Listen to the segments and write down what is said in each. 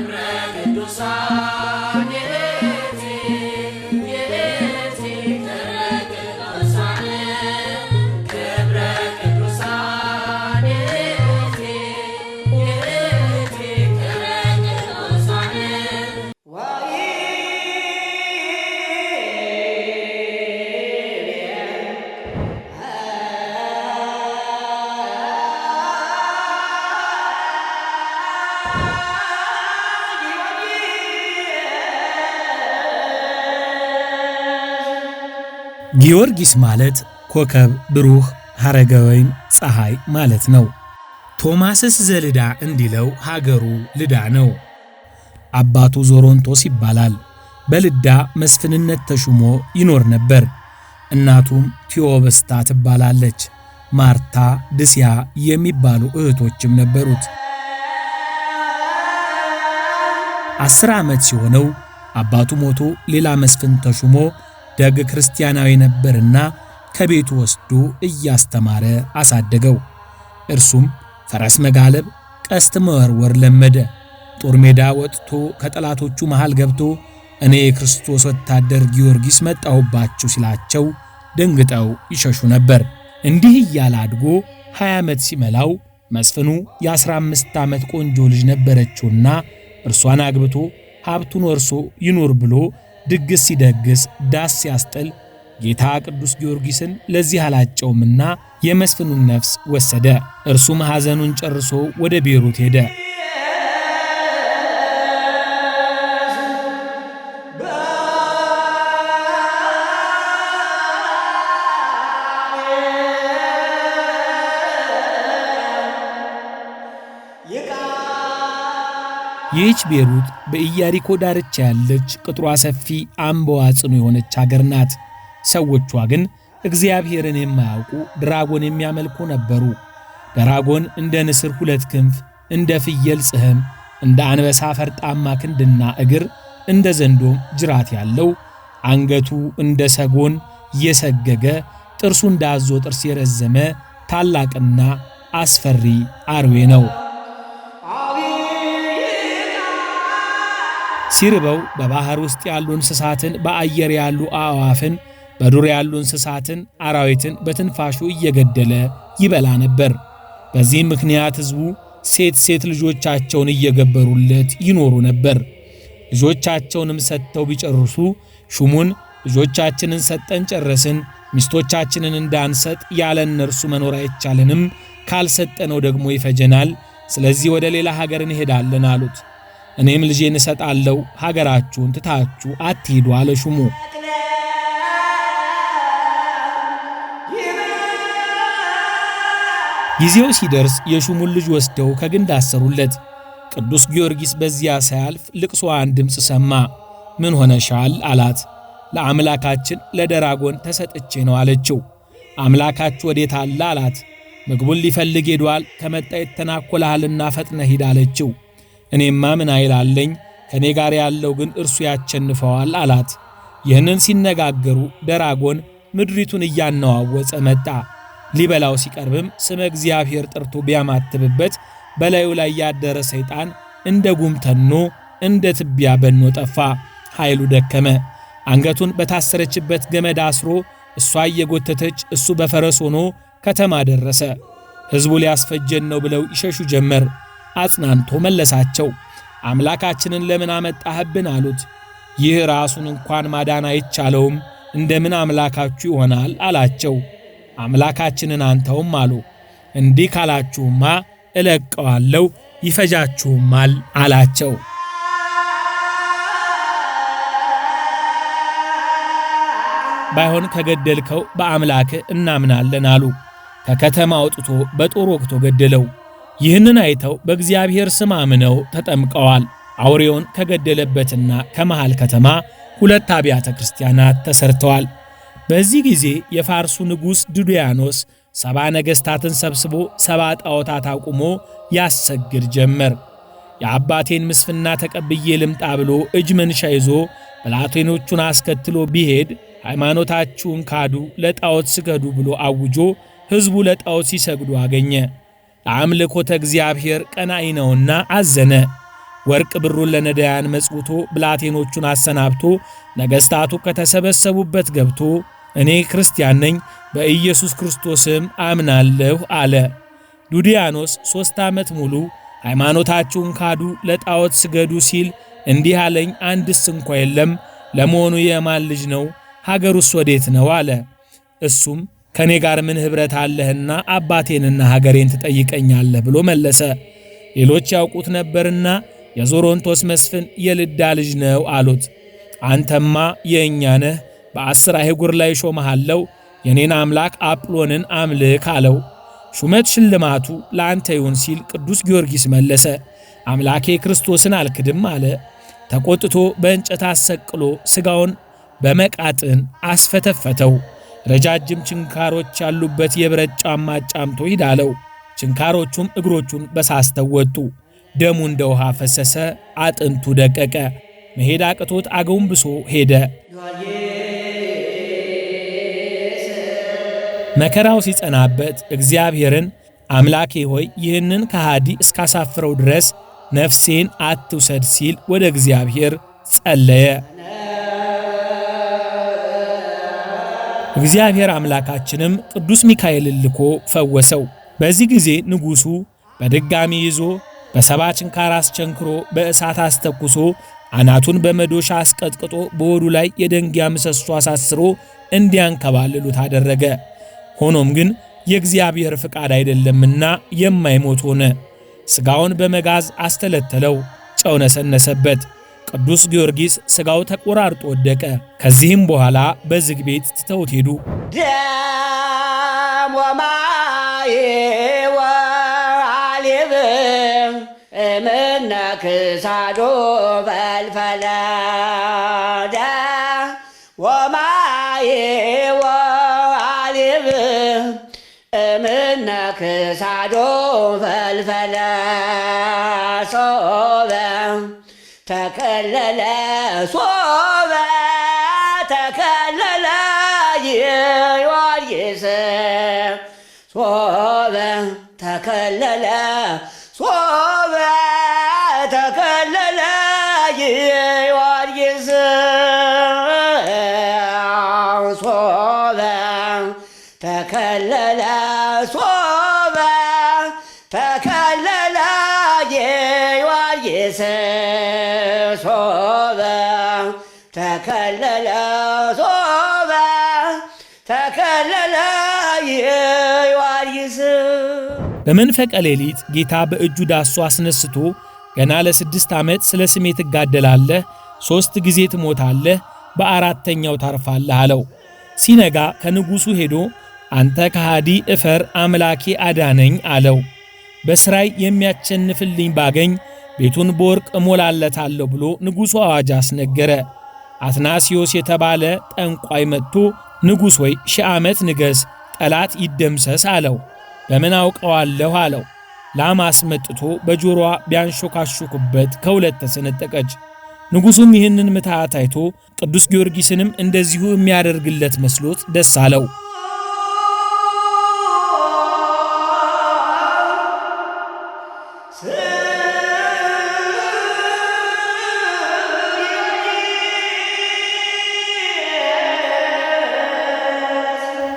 ደብረ ቅዱሳን ጊዮርጊስ ማለት ኮከብ፣ ብሩህ፣ ሐረገ ወይም ፀሐይ ማለት ነው። ቶማስስ ዘልዳ እንዲለው ሀገሩ ልዳ ነው። አባቱ ዞሮንቶስ ይባላል። በልዳ መስፍንነት ተሹሞ ይኖር ነበር። እናቱም ቲዮበስታ ትባላለች። ማርታ፣ ድስያ የሚባሉ እህቶችም ነበሩት። አስር ዓመት ሲሆነው አባቱ ሞቶ ሌላ መስፍን ተሹሞ ደግ ክርስቲያናዊ ነበርና ከቤቱ ወስዶ እያስተማረ አሳደገው። እርሱም ፈረስ መጋለብ፣ ቀስት መወርወር ለመደ። ጦር ሜዳ ወጥቶ ከጠላቶቹ መሃል ገብቶ እኔ የክርስቶስ ወታደር ጊዮርጊስ መጣሁባችሁ ሲላቸው ደንግጠው ይሸሹ ነበር። እንዲህ እያለ አድጎ 20 ዓመት ሲመላው መስፍኑ የ15 ዓመት ቆንጆ ልጅ ነበረችውና እርሷን አግብቶ ሀብቱን ወርሶ ይኑር ብሎ ድግስ ሲደግስ ዳስ ሲያስጥል ጌታ ቅዱስ ጊዮርጊስን ለዚህ አላጨውምና የመስፍኑን ነፍስ ወሰደ። እርሱም ሐዘኑን ጨርሶ ወደ ቤሩት ሄደ። የቃ ይህች ቤሩት በኢያሪኮ ዳርቻ ያለች ቅጥሯ ሰፊ አምባዋ ጽኑ የሆነች አገር ናት። ሰዎቿ ግን እግዚአብሔርን የማያውቁ ድራጎን የሚያመልኩ ነበሩ። ድራጎን እንደ ንስር ሁለት ክንፍ፣ እንደ ፍየል ጽህም፣ እንደ አንበሳ ፈርጣማ ክንድና እግር፣ እንደ ዘንዶም ጅራት ያለው አንገቱ እንደ ሰጎን የሰገገ ጥርሱ እንደ አዞ ጥርስ የረዘመ ታላቅና አስፈሪ አርዌ ነው። ሲርበው በባህር ውስጥ ያሉ እንስሳትን፣ በአየር ያሉ አዕዋፍን፣ በዱር ያሉ እንስሳትን፣ አራዊትን በትንፋሹ እየገደለ ይበላ ነበር። በዚህ ምክንያት ሕዝቡ ሴት ሴት ልጆቻቸውን እየገበሩለት ይኖሩ ነበር። ልጆቻቸውንም ሰጥተው ቢጨርሱ ሹሙን ልጆቻችንን ሰጠን ጨረስን፣ ሚስቶቻችንን እንዳንሰጥ ያለ እነርሱ መኖር አይቻለንም፣ ካልሰጠነው ደግሞ ይፈጀናል፣ ስለዚህ ወደ ሌላ ሀገር እንሄዳለን አሉት። እኔም ልጄን እሰጣለሁ፣ ሀገራችሁን ትታችሁ አትሂዱ አለ ሹሙ። ጊዜው ሲደርስ የሹሙን ልጅ ወስደው ከግንድ አሰሩለት። ቅዱስ ጊዮርጊስ በዚያ ሳያልፍ ልቅሶዋን ድምፅ ሰማ። ምን ሆነሻል አላት። ለአምላካችን ለደራጎን ተሰጥቼ ነው አለችው። አምላካችሁ ወዴት አለ አላት። ምግቡን ሊፈልግ ሄዷል፣ ከመጣ የተናኮልሃልና ፈጥነ ሂድ አለችው። እኔማ ምን አይላለኝ አለኝ? ከእኔ ጋር ያለው ግን እርሱ ያቸንፈዋል አላት። ይህንን ሲነጋገሩ ደራጎን ምድሪቱን እያነዋወፀ መጣ። ሊበላው ሲቀርብም ስመ እግዚአብሔር ጠርቶ ቢያማትብበት በላዩ ላይ ያደረ ሰይጣን እንደ ጉም ተኖ እንደ ትቢያ በኖ ጠፋ። ኃይሉ ደከመ። አንገቱን በታሰረችበት ገመድ አስሮ እሷ እየጎተተች እሱ በፈረስ ሆኖ ከተማ ደረሰ። ሕዝቡ ሊያስፈጀን ነው ብለው ይሸሹ ጀመር። አጽናንቶ መለሳቸው። አምላካችንን ለምን አመጣህብን አሉት። ይህ ራሱን እንኳን ማዳን አይቻለውም እንደምን አምላካችሁ ይሆናል አላቸው። አምላካችንን አንተውም አሉ። እንዲህ ካላችሁማ እለቀዋለሁ ይፈጃችሁማል አላቸው። ባይሆን ከገደልከው በአምላክህ እናምናለን አሉ። ከከተማ አውጥቶ በጦር ወቅቶ ገደለው። ይህንን አይተው በእግዚአብሔር ስም አምነው ተጠምቀዋል። አውሬውን ከገደለበትና ከመሃል ከተማ ሁለት አብያተ ክርስቲያናት ተሰርተዋል። በዚህ ጊዜ የፋርሱ ንጉሥ ዱድያኖስ ሰባ ነገሥታትን ሰብስቦ ሰባ ጣዖታት አቁሞ ያሰግድ ጀመር። የአባቴን ምስፍና ተቀብዬ ልምጣ ብሎ እጅ መንሻ ይዞ ብላቴኖቹን አስከትሎ ቢሄድ ሃይማኖታችሁን ካዱ፣ ለጣዖት ስገዱ ብሎ አውጆ ሕዝቡ ለጣዖት ሲሰግዱ አገኘ። አምልኮተ እግዚአብሔር ቀናኢ ነውና አዘነ። ወርቅ ብሩን ለነዳያን መጽውቶ ብላቴኖቹን አሰናብቶ ነገሥታቱ ከተሰበሰቡበት ገብቶ እኔ ክርስቲያን ነኝ በኢየሱስ ክርስቶስም አምናለሁ አለ። ዱዲያኖስ ሦስት ዓመት ሙሉ ሃይማኖታችሁን ካዱ፣ ለጣዖት ስገዱ ሲል እንዲህ አለኝ፣ አንድስ እንኳ የለም። ለመሆኑ የማን ልጅ ነው? ሀገሩስ ወዴት ነው? አለ እሱም ከእኔ ጋር ምን ኅብረት አለህና አባቴንና ሀገሬን ትጠይቀኛለህ ብሎ መለሰ። ሌሎች ያውቁት ነበርና የዞሮንቶስ መስፍን የልዳ ልጅ ነው አሉት። አንተማ የእኛ ነህ፣ በአስር አህጉር ላይ ሾመሃለው፣ የኔን አምላክ አጵሎንን አምልክ አለው። ሹመት ሽልማቱ ለአንተ ይሁን ሲል ቅዱስ ጊዮርጊስ መለሰ፣ አምላኬ ክርስቶስን አልክድም አለ። ተቆጥቶ በእንጨት አሰቅሎ ሥጋውን በመቃጥን አስፈተፈተው። ረጃጅም ችንካሮች ያሉበት የብረት ጫማ ጫምቶ ሂድ ችንካሮቹም እግሮቹን በሳስተው ወጡ። ደሙ እንደ ውሃ ፈሰሰ፣ አጥንቱ ደቀቀ። መሄድ አቅቶት አጎንብሶ ሄደ። መከራው ሲጸናበት እግዚአብሔርን አምላኬ ሆይ ይህንን ከሃዲ እስካሳፍረው ድረስ ነፍሴን አትውሰድ ሲል ወደ እግዚአብሔር ጸለየ። እግዚአብሔር አምላካችንም ቅዱስ ሚካኤልን ልኮ ፈወሰው። በዚህ ጊዜ ንጉሡ በድጋሚ ይዞ በሰባ ችንካር አስቸንክሮ በእሳት አስተኩሶ አናቱን በመዶሻ አስቀጥቅጦ በወዱ ላይ የደንጊያ ምሰሶ አሳስሮ እንዲያንከባልሉት አደረገ። ሆኖም ግን የእግዚአብሔር ፍቃድ አይደለምና የማይሞት ሆነ። ሥጋውን በመጋዝ አስተለተለው፣ ጨው ነሰነሰበት። ቅዱስ ጊዮርጊስ ሥጋው ተቆራርጦ ወደቀ። ከዚህም በኋላ በዝግ ቤት ትተውት ሄዱ። ክሳዶ ተከለለ ሶበ ተከለለ ዮሐንስ ተከለለ ሶበ ተከለለ ዮሐንስ በመንፈቀ ሌሊት ጌታ በእጁ ዳሶ አስነስቶ ገና ለስድስት ዓመት ስለ ስሜ ትጋደላለህ፣ ሦስት ጊዜ ትሞታለህ፣ በአራተኛው ታርፋለህ አለው። ሲነጋ ከንጉሡ ሄዶ አንተ ከሃዲ እፈር፣ አምላኬ አዳነኝ አለው። በስራይ የሚያቸንፍልኝ ባገኝ ቤቱን በወርቅ እሞላለታለሁ ብሎ ንጉሡ አዋጅ አስነገረ። አትናሲዮስ የተባለ ጠንቋይ መጥቶ ንጉሥ ወይ ሺህ ዓመት ንገሥ፣ ጠላት ይደምሰስ አለው። በምን አውቀዋለሁ አለው። ላም አስመጥቶ በጆሮዋ ቢያንሾካሾኩበት ከሁለት ተሰነጠቀች። ንጉሡም ይህንን ምትሃት አይቶ ቅዱስ ጊዮርጊስንም እንደዚሁ የሚያደርግለት መስሎት ደስ አለው።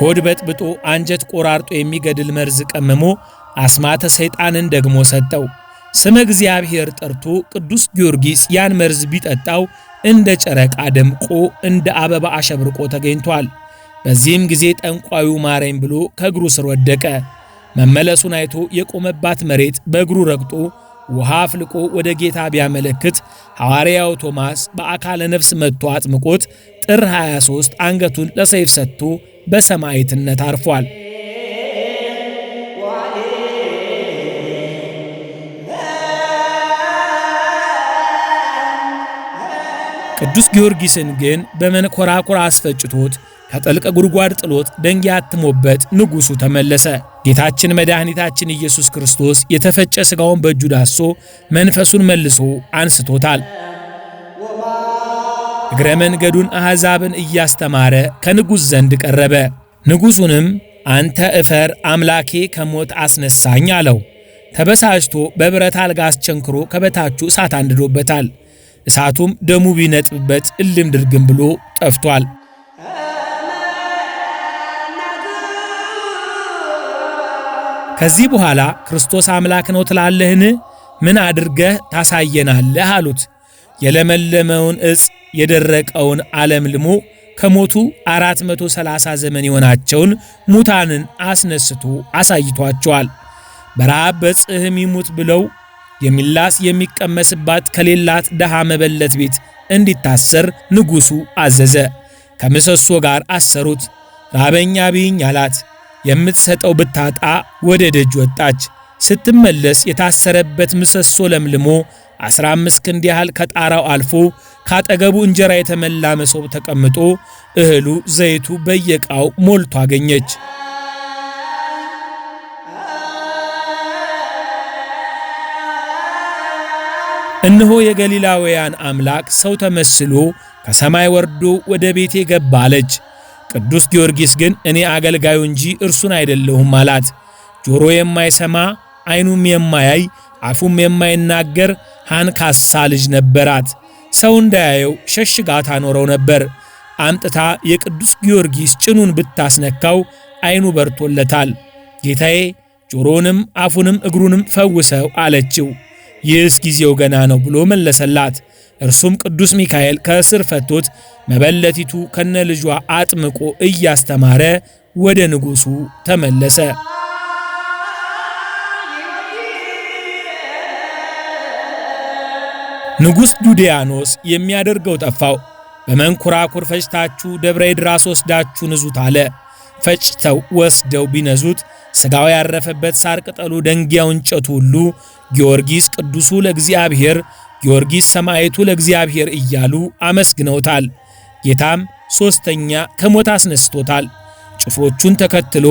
ሆድ በጥብጦ አንጀት ቆራርጦ የሚገድል መርዝ ቀምሞ አስማተ ሰይጣንን ደግሞ ሰጠው። ስመ እግዚአብሔር ጠርቶ ቅዱስ ጊዮርጊስ ያን መርዝ ቢጠጣው እንደ ጨረቃ ደምቆ እንደ አበባ አሸብርቆ ተገኝቷል። በዚህም ጊዜ ጠንቋዩ ማረኝ ብሎ ከእግሩ ስር ወደቀ። መመለሱን አይቶ የቆመባት መሬት በእግሩ ረግጦ ውሃ አፍልቆ ወደ ጌታ ቢያመለክት ሐዋርያው ቶማስ በአካለ ነፍስ መጥቶ አጥምቆት ጥር 23 አንገቱን ለሰይፍ ሰጥቶ በሰማዕትነት አርፏል። ቅዱስ ጊዮርጊስን ግን በመንኮራኩር አስፈጭቶት ከጥልቅ ጉድጓድ ጥሎት ደንጊያ አትሞበት ንጉሡ ተመለሰ። ጌታችን መድኃኒታችን ኢየሱስ ክርስቶስ የተፈጨ ሥጋውን በእጁ ዳሶ መንፈሱን መልሶ አንስቶታል። እግረ መንገዱን አሕዛብን እያስተማረ ከንጉሥ ዘንድ ቀረበ። ንጉሡንም አንተ እፈር አምላኬ ከሞት አስነሳኝ አለው። ተበሳጭቶ በብረት አልጋ አስቸንክሮ ከበታቹ እሳት አንድዶበታል። እሳቱም ደሙ ቢነጥብበት እልም ድርግም ብሎ ጠፍቷል። ከዚህ በኋላ ክርስቶስ አምላክ ነው ትላለህን? ምን አድርገህ ታሳየናለህ? አሉት። የለመለመውን እጽ የደረቀውን ዓለም ልሞ ከሞቱ 430 ዘመን የሆናቸውን ሙታንን አስነስቶ አሳይቷቸዋል። በረሃብ በጽህም ይሙት ብለው የሚላስ የሚቀመስባት ከሌላት ደሃ መበለት ቤት እንዲታሰር ንጉሡ አዘዘ። ከምሰሶ ጋር አሰሩት። ራበኛ ብኝ አላት። የምትሰጠው ብታጣ ወደ ደጅ ወጣች። ስትመለስ የታሰረበት ምሰሶ ለምልሞ አስራ አምስት ክንድ ያህል ከጣራው አልፎ ካጠገቡ እንጀራ የተመላ መሶብ ተቀምጦ እህሉ ዘይቱ በየቃው ሞልቶ አገኘች። እነሆ የገሊላውያን አምላክ ሰው ተመስሎ ከሰማይ ወርዶ ወደ ቤቴ ገባ አለች። ቅዱስ ጊዮርጊስ ግን እኔ አገልጋዩ እንጂ እርሱን አይደለሁም አላት። ጆሮ የማይሰማ ዓይኑም የማያይ አፉም የማይናገር አንካሳ ልጅ ነበራት። ሰው እንዳያየው ሸሽጋ ታኖረው ነበር። አምጥታ የቅዱስ ጊዮርጊስ ጭኑን ብታስነካው ዓይኑ በርቶለታል። ጌታዬ ጆሮንም አፉንም እግሩንም ፈውሰው አለችው። ይህስ ጊዜው ገና ነው ብሎ መለሰላት። እርሱም ቅዱስ ሚካኤል ከእስር ፈቶት መበለቲቱ ከነ ልጇ አጥምቆ እያስተማረ ወደ ንጉሡ ተመለሰ። ንጉሥ ዱዲያኖስ የሚያደርገው ጠፋው። በመንኮራኩር ፈጭታችሁ ደብረ ድራስ ወስዳችሁ ንዙት አለ። ፈጭተው ወስደው ቢነዙት ሥጋው ያረፈበት ሳር ቅጠሉ፣ ደንጊያው፣ እንጨቱ ሁሉ ጊዮርጊስ ቅዱሱ ለእግዚአብሔር፣ ጊዮርጊስ ሰማዕቱ ለእግዚአብሔር እያሉ አመስግነውታል። ጌታም ሦስተኛ ከሞት አስነስቶታል። ጭፍሮቹን ተከትሎ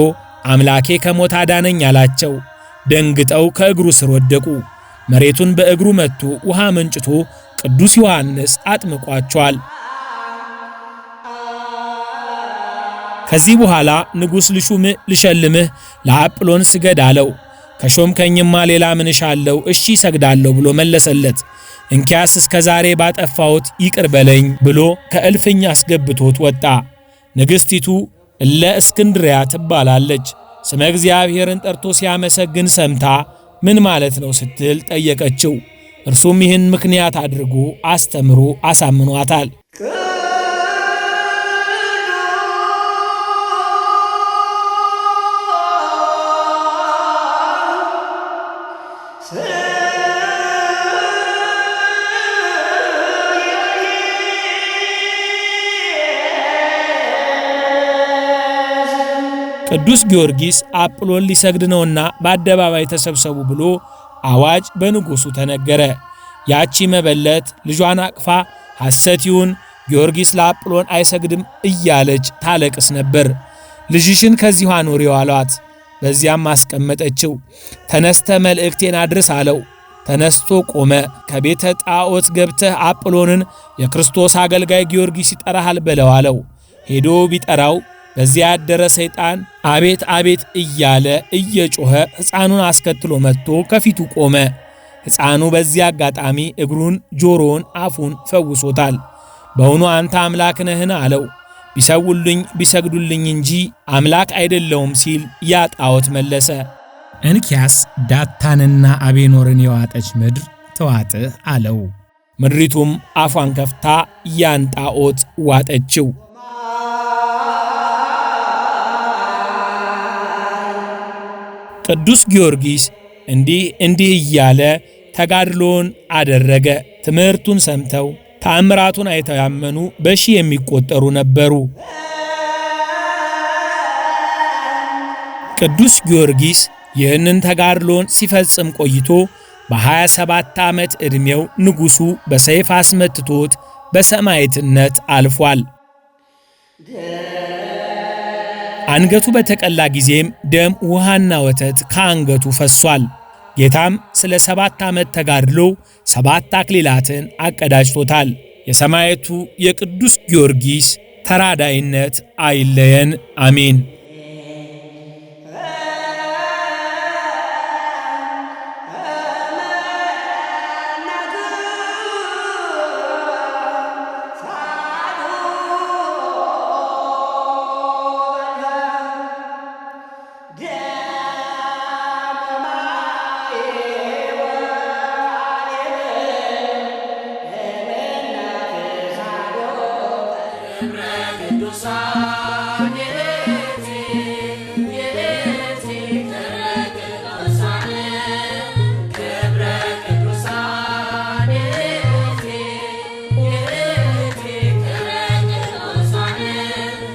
አምላኬ ከሞት አዳነኝ አላቸው። ደንግጠው ከእግሩ ስር ወደቁ። መሬቱን በእግሩ መጥቶ ውሃ መንጭቶ ቅዱስ ዮሐንስ አጥምቋቸዋል። ከዚህ በኋላ ንጉሥ ልሹምህ ልሸልምህ ለአጵሎን ስገድ አለው። ከሾምከኝማ ሌላ ምን እሻለሁ? እሺ ይሰግዳለሁ ብሎ መለሰለት። እንኪያስ እስከ ዛሬ ባጠፋሁት ይቅር በለኝ ብሎ ከእልፍኝ አስገብቶት ወጣ። ንግሥቲቱ እለ እስክንድሪያ ትባላለች። ስመ እግዚአብሔርን ጠርቶ ሲያመሰግን ሰምታ ምን ማለት ነው ስትል ጠየቀችው። እርሱም ይህን ምክንያት አድርጎ አስተምሮ አሳምኗታል። ቅዱስ ጊዮርጊስ አጵሎን ሊሰግድ ነውና በአደባባይ ተሰብሰቡ ብሎ አዋጅ በንጉሡ ተነገረ። ያቺ መበለት ልጇን አቅፋ ሐሰት ይሁን ጊዮርጊስ ለአጵሎን አይሰግድም እያለች ታለቅስ ነበር። ልጅሽን ከዚሁ አኑሪው አሏት። በዚያም አስቀመጠችው። ተነስተ መልእክቴን አድርስ አለው። ተነስቶ ቆመ። ከቤተ ጣዖት ገብተህ አጵሎንን የክርስቶስ አገልጋይ ጊዮርጊስ ይጠራሃል በለው አለው። ሄዶ ቢጠራው በዚያ ያደረ ሰይጣን አቤት አቤት እያለ እየጮኸ ሕፃኑን አስከትሎ መጥቶ ከፊቱ ቆመ። ሕፃኑ በዚያ አጋጣሚ እግሩን፣ ጆሮውን፣ አፉን ፈውሶታል። በውኑ አንተ አምላክ ነህን? አለው። ቢሰውልኝ ቢሰግዱልኝ እንጂ አምላክ አይደለውም ሲል ያ ጣዖት መለሰ። እንኪያስ ዳታንና አቤኖርን የዋጠች ምድር ተዋጥህ አለው። ምድሪቱም አፏን ከፍታ ያን ጣዖት ዋጠችው። ቅዱስ ጊዮርጊስ እንዲህ እንዲህ እያለ ተጋድሎን አደረገ። ትምህርቱን ሰምተው ታምራቱን አይተው ያመኑ የሚቆጠሩ ነበሩ። ቅዱስ ጊዮርጊስ ይህንን ተጋድሎን ሲፈጽም ቆይቶ በ27 ዓመት ዕድሜው ንጉሡ በሰይፍ አስመትቶት በሰማዕትነት አልፏል። አንገቱ በተቀላ ጊዜም ደም ውሃና ወተት ከአንገቱ ፈሷል። ጌታም ስለ ሰባት ዓመት ተጋድሎ ሰባት አክሊላትን አቀዳጅቶታል። የሰማዕቱ የቅዱስ ጊዮርጊስ ተራዳይነት አይለየን፣ አሜን። outside.